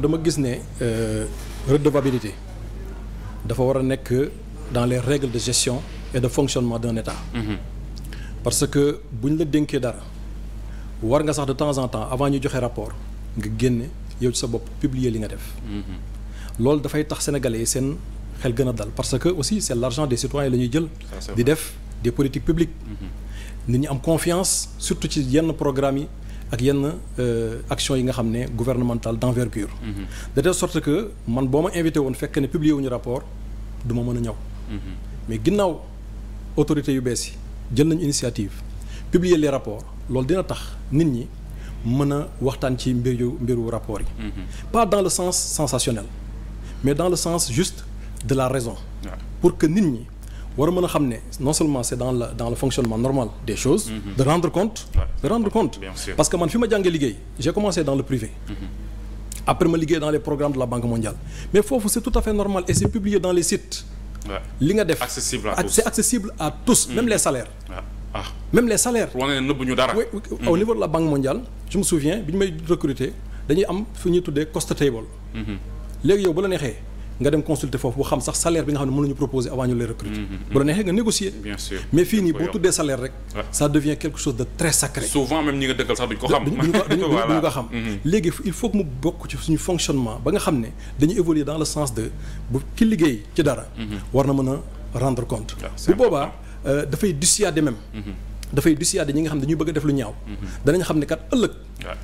dama gis ne euh, redevabilité dafa war a nekk dans les règles de gestion et de fonctionnement d'un État mhm. parce que bu ñu la dénkee dara war nga sax de temps en temps avant ñu joxe rapport nga génne yow ci sa bopp publier li nga def mhm. loolu dafay tax sénégalais yi seen xel gën a dal parce que aussi c'est l'argent des citoyens la ñuy jël di def des politiques publiques mhm. nit ñu am confiance surtout ci yenn programme yi ak yenn euh, action yi nga xam ne gouvernementale d'envergure. Mm-hmm. de telle sorte que man boo ma invité woon fekk ne publier wuñu rapport du mën a ñëw. Mm-hmm. mais ginnaaw autorités yu bees yi jël nañu initiative publier les rapport loolu dina tax nit ñi mën a waxtaan ci mbir yu mbiru rapport yi. Mm-hmm. pas dans le sens sensationnel mais dans le sens juste de la raison. pour que nit ñi. war a mën a xam ne non seulement c' est dans la dans le fonctionnement normal des choses. Mhm. de rendre compte. parce que man fi ma jàngee liggéey j'ai commencé dans le privé. Mhm. après ma liggéey dans les programmes de la banque mondiale mais foofu c' est tout à fait normal et c' est dans les sites. li nga def accessible à tous c' est accessible à tous mhm. même les salaires. ah même les salaires. au niveau de la banque mondiale je me bi ñu may recruter dañuy am fu ñuy tuddee cost table. léegi yow bu la neexee. nga dem consulter foofu bu xam sax salaire bi nga xam ne mën nañu proposer avant ñu lay recruter. Mm-hmm, mm-hmm. bu la nga négocier. mais fii nii boo tuddee salaire rek. ça devient quelque chose de très sacré. souvent même ñi nga dëkkal sax duñ ko xam. léegi il faut que mu bokk suñu fonctionnement ba nga xam ne dañuy évoluer dans le sens de bu ki liggéey ci dara. Mm-hmm. war na mën a rendre compte. Ah, bu boobaa euh, dafay dissuader même. dafay dissuader ñi nga xam ne dañuy bëgg def lu ñaaw. Mhm. danañ xam ne kat ëllëg.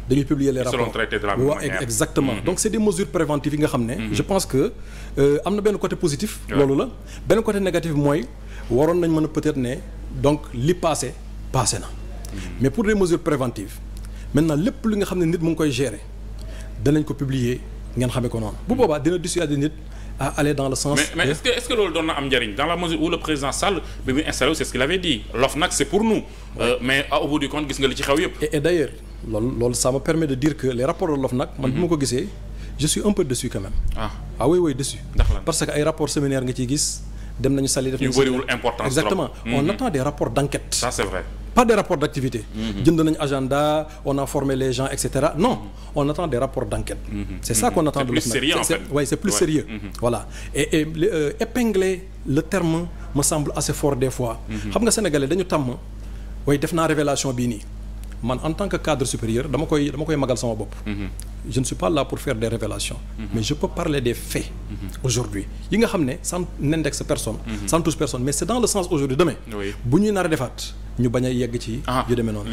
dañuy publier les rapports waaw exactement mhm. donc c' est des mesures préventives yi nga xam ne. Mhm. je pense que euh, am na benn côté positif. loolu la benn côté négative mooy waroon nañ mën a peut-être ne donc li passé passé na. mais pour des mesures préventives maintenant lépp li nga xam ne nit mu ngi koy gérer danañ ko publier ngeen xamee ko noonu. bu boobaa dina dissuader nit. à aller dans le sens. mais mais est-ce que est-ce loolu doon na am njariñ dans la mesure où le président Sall bi muy installé c'est ce qu'il avait dit l'OFNAC c'est pour nous. Euh, mais ah, au bout du compte gis nga li ci xew yëpp. et d'ailleurs loolu loolu ça me permet de dire que les rapports de l'OFNAC. man mhm. bi ma ko gisee je suis un peu dessus quand même. ah ah oui oui dessus. parce que ay rapports séminaires nga ciy gis dem nañu Saly def. ñu bëriwul importance exactement mhm. on attend des pas des rapports d'activité. Mhm. jënd nañ agenda on a formé les gens non mhm. on attend des rapports d'enquête. Mhm. c'est ça qu'on attend de l'OFNAC. c'est plus sérieux en c'est plus sérieux. voilà et et euh, le terme me semble assez fort des fois. xam nga sénégalais dañu tàmm way def naa révélation bii nii. man en tant que cadre supérieur dama koy dama koy magal sama bopp je ne suis pas là pour faire des révélations mais je peux parler des faits aujourd'hui yi nga xam ne ça n'indexe personne mm -hmm. ça ne touche personne mais c'est dans le sens bu ñuy nar a ñu bañ a yegg ci. Ah. yu demee noonu.